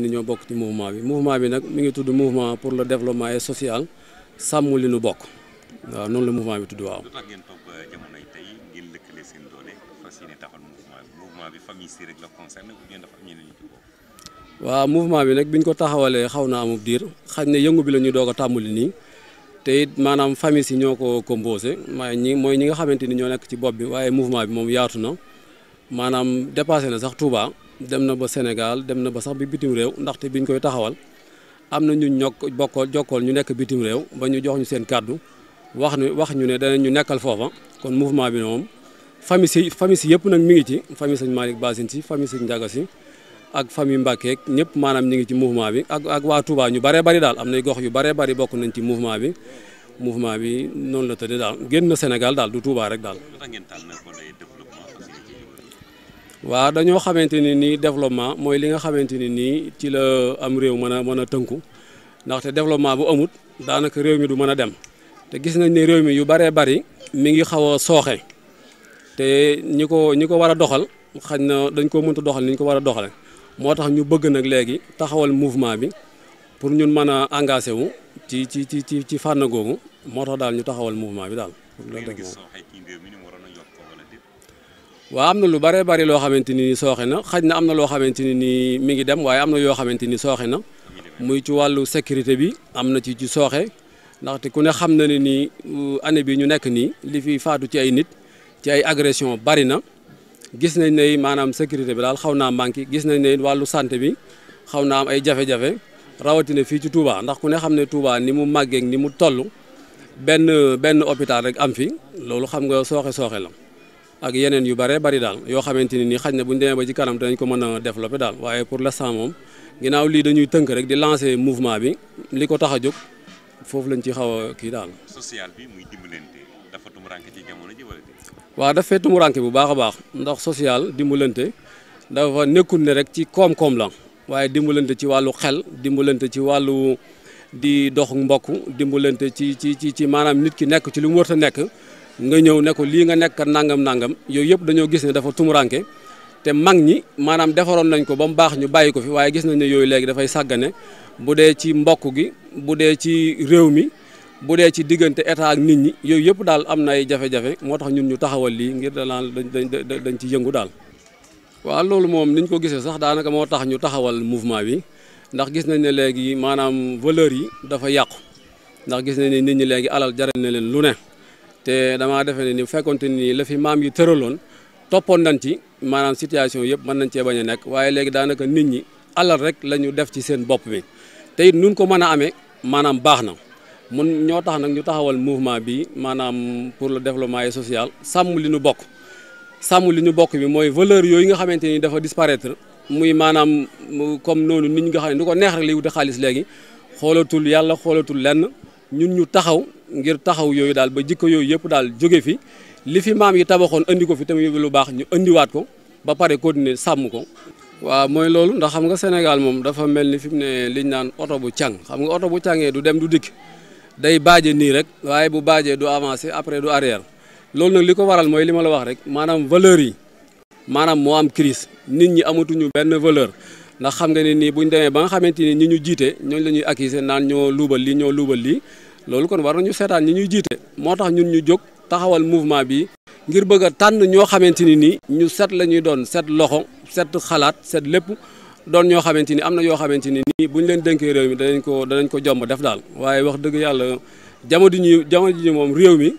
ni ñoo bokk ci mouvement bi mouvement bi nag mi ngi tudd mouvement pour le développement et social sàmm li nu bokk waaw noonu la mouvement bi tudd waaw. lu tax ngeen euh, mouvement bi mouvement bi famille nag biñ ko taxawalee xaw na amub diir xaj ne yëngu bi la ñuy doog a tàmbali nii te it maanaam famille si ñoo ko composé maay ñi mooy ñi nga xamante ni ñoo nekk ci bopp bi waaye mouvement bi moom yaatu na maanaam dépassé na sax Touba. dem na ba Sénégal dem na ba sax bi bitim réew ndaxte bi ñu koy taxawal am na ñu ñokk bokkool jokkool ñu nekk bitim réew ba ñu jox ñu seen kàddu wax ne wax ñu ne danañ ñu nekkal foofa kon mouvement bi moom famille si famille yëpp nag mi ngi ci famille sëñ Malick Basine si famille sëñ Ndiaga si ak famille Mbackeek ñëpp maanaam ñu ngi ci mouvement bi ak ak waa ñu baree bari daal am gox yu baree bari bokk nañ ci mouvement bi mouvement bi noonu la tëddee daal génn na Sénégal daal du Touba rek daal. waaw dañoo xamante ni nii développement mooy li nga xamante ni nii ci la am réew mën a mën a tënku ndaxte développement bu amut daanaka réew mi du mën a dem te gis nañ ne réew mi yu baree bari mi ngi xaw a sooxe te ñi ko ñi ko war a doxal xañ na dañ ko mënta doxal ni ñu ko war a doxale moo tax ñu bëgg nag léegi taxawal mouvement bi pour ñun mën a engagé wu ci ci ci ci fànn googu moo tax daal ñu taxawal mouvement bi daal. waa am na lu bare bari loo xamante ni sooxe na xaj na am na loo xamante ni nii mi ngi dem waaye am na yoo xamante ni sooxe na muy ci wàllu sécurité bi am na ci ci sooxe ndaxte ku ne xam na ne nii euh, année bi ñu nekk nii li fi faatu ci ay nit ci ay agression bari na gis nañ ne maanaam sécurité bi daal xaw naa manqué gis nañ ne wàllu santé bi xaw naa am ay jafe-jafe rawatina fii ci Touba ndax ku ne xam ne Touba ni mu màggeek ni mu toll benn benn hôpital rek am fi loolu xam nga sooxe sooxe la ak yeneen yu bare bari daal yoo xamante ni nii xaj na bu ñu demee ba ci kanam dinañ ko mën a développer daal waaye pour l'instant moom ginnaaw lii dañuy tënk rek di lancer mouvement bi li ko tax a jóg foofu lañ ci xaw a kii daal. social bi muy dimbalante dafa tumurànke ci jamono ji wala waaw daf fee tumurànke bu baax a baax ndox social dimbalante dafa nekkul ne rek ci koom-koom la waaye dimbalante ci wàllu xel dimbalante ci wàllu di dox mbokk dimbalante ci ci ci ci maanaam nit ki nekk ci lu mu war a nekk. nga ñëw ne ko lii nga nekk nangam nangam yooyu yëpp dañoo gis ne dafa tumuranke te mag ñi maanaam defaroon nañ ko ba mu baax ñu bàyyi ko fi waaye gis nañ ne yooyu léegi dafay sàggane bu dee ci mbokk gi bu dee ci réew mi bu dee ci diggante état ak nit ñi yooyu yëpp daal am na ay jafe moo tax ñun ñu taxawal lii ngir dalaan dañ dañ ci yëngu daal. waaw loolu moom niñ ko gisee sax daanaka moo tax ñu taxawal mouvement bi ndax gis nañ ne léegi maanaam valeur yi dafa yàqu ndax gis nañ ne nit ñi léegi alal jaral na leen lu ne. te damaa defe ne ni bu fekkonte nii la fi maam yi tëraloon toppoon nañ ci maanaam situation yëpp mën nañ cee bañ a nekk waaye léegi daanaka nit ñi alal rek la ñu def ci seen bopp bi tey it nun ko mën a amee maanaam baax na mun ñoo tax nag ñu taxawal mouvement bi maanaam pour le développement et social sàmm li ñu bokk sàmm li ñu bokk bi mooy valeur yooyu nga xamante ni dafa disparaître muy maanaam comme noonu nit ñi nga xam ne du ko neex rek lay wuti xaalis léegi xoolatul yàlla xoolatul lenn ñun ñu taxaw ngir taxaw yooyu daal ba jikko yooyu yëpp daal jóge fi li fi maam yi tabaxoon indi ko fi tamit lu baax ñu indiwaat ko ba pare continuer sàmm ko. waaw mooy loolu ndax xam nga Sénégal moom dafa mel ni fi mu ne liñ naan oto bu càng xam nga oto bu càngee du dem du dikk day baaje nii rek waaye bu baajee du avancé après du arrière loolu nag li ko waral mooy li ma la wax rek maanaam valeur yi maanaam moo am crise nit ñi amatuñu benn valeur. ndax xam nga ne nii bu ñu demee ba nga xamante ni ñu jiite ñooñu la ñuy accuser naan ñoo luubal lii ñoo luubal lii loolu kon war nañu seetaan ñi ñuy jiite moo tax ñun ñu jóg taxawal mouvement bi ngir bëgg a tànn ñoo xamante ni nii ñu set la ñuy doon set loxo set xalaat set lépp doon ñoo xamante ni am na yoo xamante ni nii bu ñu leen dénkee réew mi danañ ko danañ ko jomb def daal waaye wax dëgg yàlla jamono ji ñu jamono moom réew mi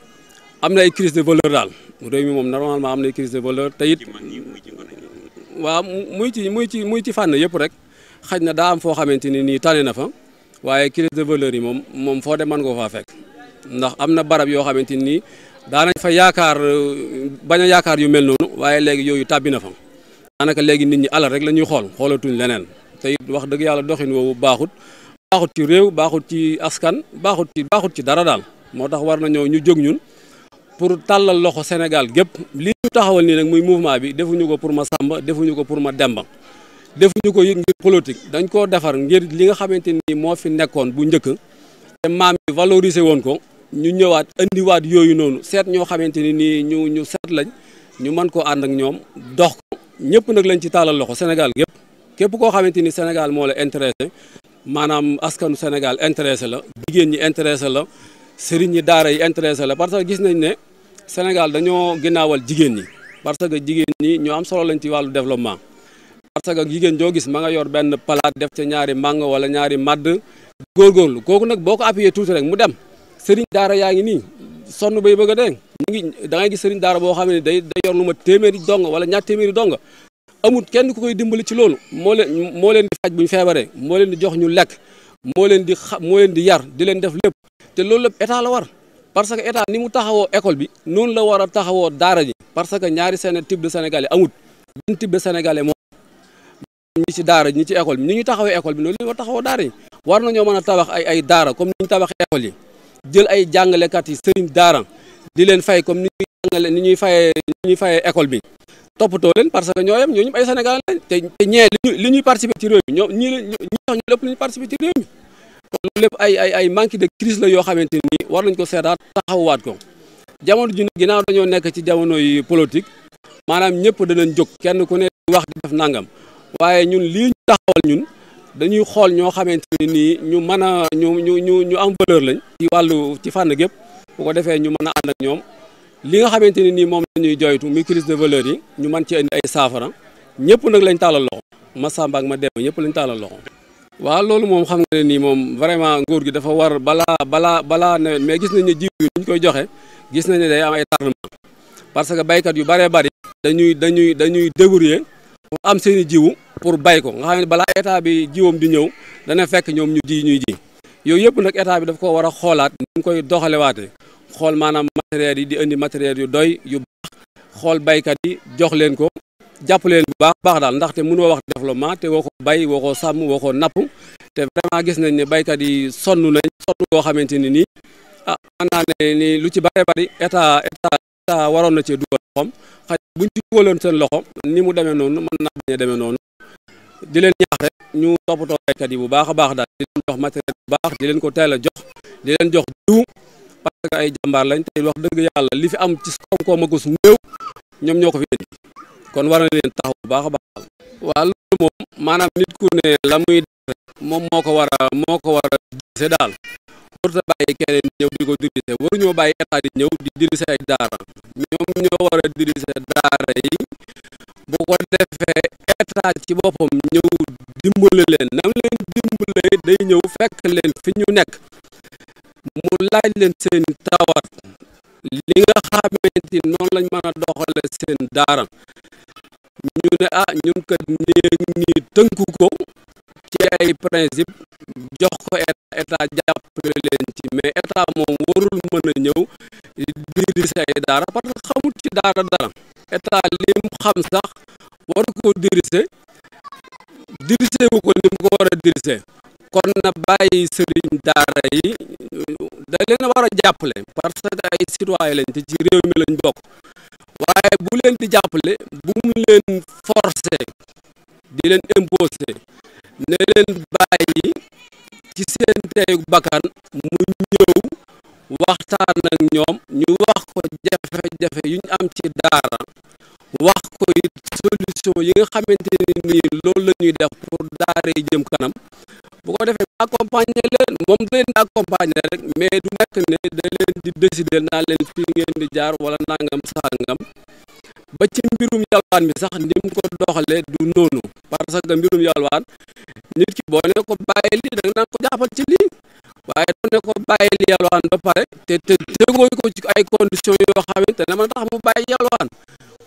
am na ay crise de valeur daal réew mi moom normalement am na ay crise de valeur te it muy ci muy ci muy ci fànn yëpp rek xaj na daa am foo xamante ni nii tane na fa waaye crise de valeur yi moom moom foo dem man nga faa fekk ndax am na barab yoo xamante ni daanañ fa yaakaar bañ a yaakaar yu mel noonu waaye léegi yooyu tàbbi na fa daanaka léegi nit ñi alal rek la ñuy xool xoolatuñ leneen te it wax dëgg yàlla doxin woowu baaxut baaxut ci réew baaxut ci askan baaxut ci baaxut ci dara daal moo tax war na nañoo ñu jóg ñun pour tàllal loxo Sénégal gépp lii ñu taxawal nii nag muy mouvement bi defuñu ko pour ma Samba defuñu ko pour ma Demba defuñu ko it ngir politique dañ koo defar ngir li nga xamante ni moo fi nekkoon bu njëkk te maam yi valoriser woon ko ñu ñëwaat indiwaat yooyu noonu seet ñoo xamante ni nii ñu ñu seet lañ ñu man koo ànd ak ñoom dox ko ñëpp nag lañ ci taalal loxo Sénégal yëpp képp koo xamante ni Sénégal moo la intéressé maanaam askanu Sénégal intéressé la jigéen ñi intéressé la sëriñ ñi daara yi intéressé la parce que gis nañ ne Sénégal dañoo ginnaawal jigéen ñi parce que jigéen ñi ñoo am solo lañ ci wàllu développement parce que jigéen joo gis ma nga yor benn palaat def ca ñaari màng wala ñaari màdd góorgóorlu kooku nag boo ko appuyé tuuti rek mu dem sëriñ daara yaa ngi nii sonn bay bëgg a dee ñu ngi da daara boo xam ne day day yor lu ma téeméeri dong wala ñaar téeméeri dong amul kenn ku koy dimbali ci loolu moo leen moo leen di faj bu ñu feebaree moo leen di jox ñu lekk moo leen di xa moo leen di yar di leen def lépp te loolu lépp état la war parce que état ni mu taxawoo école bi noonu la war a taxawoo daara ji parce que ñaari seen type de sénégalais amut benn type de ñi ci daara ñi ci école bi ni ñu taxawee école bi noonu la ñu war nañoo mën a tabax ay ay daara comme ñu tabax école jël ay jàngalekat yi sëriñ daara di leen fay comme ni ñuy jàngale ni ñuy fayee ni ñuy fayee école bi toppatoo leen parce que ñoo yem ñoo ñëpp ay Sénégal lañ ñee li ñuy participer ci ñoo ñi ñi sax ñoo lépp lépp ay ay ay manque de crise la yoo xamante ni war nañ ko seetaat taxawaat ko jamono ji ginnaaw dañoo nekk ci jamono yi politique maanaam ñëpp danañ jóg kenn ku ne wax di def nangam waaye ñun lii ñu taxawal ñun dañuy xool ñoo xamante ne nii ñu mën a ñu ñu ñu ñu am valeur lañ ci wàllu ci fànn gépp bu ko defee ñu mën a ànd ak ñoom li nga xamante ne nii moom dañuy ñuy joytu muy crise de valeur yi ñu mën ci ay saafara ñëpp nag lañ tàllal loxo ma Samba ak ma Demba ñëpp lañ tàllal loxo waaw loolu moom xam nga ne nii moom vraiment nguur gi dafa war balaa balaa balaa nawet mais gis nañ ne jiw yi ñu koy joxe gis nañ ne day am ay tardement parce que baykat yu bëree bëri dañuy dañuy dañuy débrouiller am seen i jiwu pour bay ko nga xam ne balaa état bi jiwam di ñëw dana fekk ñoom ñu ji ñuy ji yooyu yëpp nag état bi daf ko war a xoolaat ni mu koy doxalewaatee xool maanaam matériels yi di indi matériels yu doy yu baax xool baykat yi jox leen ko jàpp leen bu baax baax daal ndaxte mënoo wax développement te woo ko bay woo ko sàmm woo ko napp te vraiment gis nañ ne baykat yi sonn nañ sonn koo xamante ni nii ah man naa ne lu ci bëree bëri état état état waroon na cee du xom xëy buñ ci dugaloon seen loxo ni mu demee noonu mën naa bañ a demee noonu di leen ñaax rek ñu toppatoo baykat yi bu baax a baax daal di leen jox matériel bu baax di leen ko teel a jox di leen jox diw parce ay jàmbaar lañ tey wax dëgg yàlla li fi am ci koom-koom akus néew ñoom ñoo ko fi indi kon wara na leen taxaw bu baax a baax waa loolu moom maanaam nit ku ne la muy def moom moo ko war a moo ko war a gise daal waruta bàyyi keneen ñëw di ko dirigé waruñoo bàyyi état di ñëw di dirigé ay daara ñoom ñoo war a dirigé daara yi bu ko defee état ci boppam ñëw dimbale leen nam leen dimbale day ñëw fekk leen fi ñu nekk mu laaj leen seen tawat li nga xamante noonu lañ mën a doxale seen daara ñu ne ah ñun kat nii nii tënku ko ci ay principe jox ko état jàppale leen ci mais état moom warul mën a ñëw dirige ay daara parce que xamul ci daara dara état li mu xam sax war ko dirige dirige ko ni mu ko war a dirige kon na bàyyi sëriñ daara yi da leen war a jàppale parce que ay citoyen lañ te ci réew mi lañ bokk waaye bu leen di jàppale bu mu leen forcer di leen imposer ne bàyyi seen teeyu bakkan mu ñëw waxtaan ak ñoom ñu wax ko jafe-jafe yu ñu am ci daara wax ko it solution yi nga xamante ne nii loolu la ñuy def pour daara yi jëm kanam bu ko defee accompagner leen moom da leen di accompagner rek mais du nekk ne da leen di décider naa leen fii ngeen di jaar wala nangam sangam ba ci mbirum yalwaan mi sax ni mu ko doxalee du noonu parce que mbirum yalwaan nit ki boo ko bàyyi yalwaan ba pare te te ko ay conditions yoo xamante ne mën tax mu bàyyi yalwaan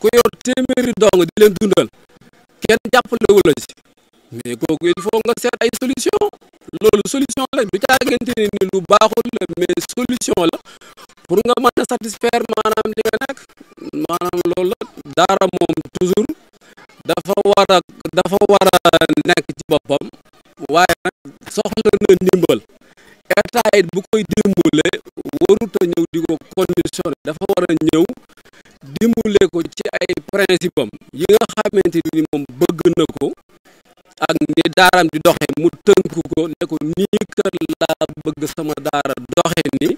ku yor téeméeri dong di leen dundal kenn jàppale wu la ci mais kooku il faut nga seet ay solution loolu solution la du caagante ni lu baaxul la mais solution la pour nga mën a satisfaire maanaam li nekk maanaam loolu la daara moom toujours dafa war a dafa war a nekk ci boppam waaye nag soxla na ndimbal état it bu koy dimbale waruta ñëw di ko conditionné dafa war a ñëw dimbale ko ci ay principe am yi nga xamante ni moom bëgg na ko ak ni daaram di doxe mu tënk ko ne ko nii kër laa bëgg sama daara doxe ni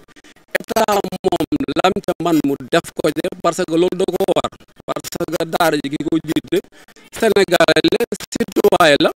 pourtant moom lam ca man mu def ko de parce que loolu da ko war parce que daara ji ki ko jiite Sénégalais la citoyen la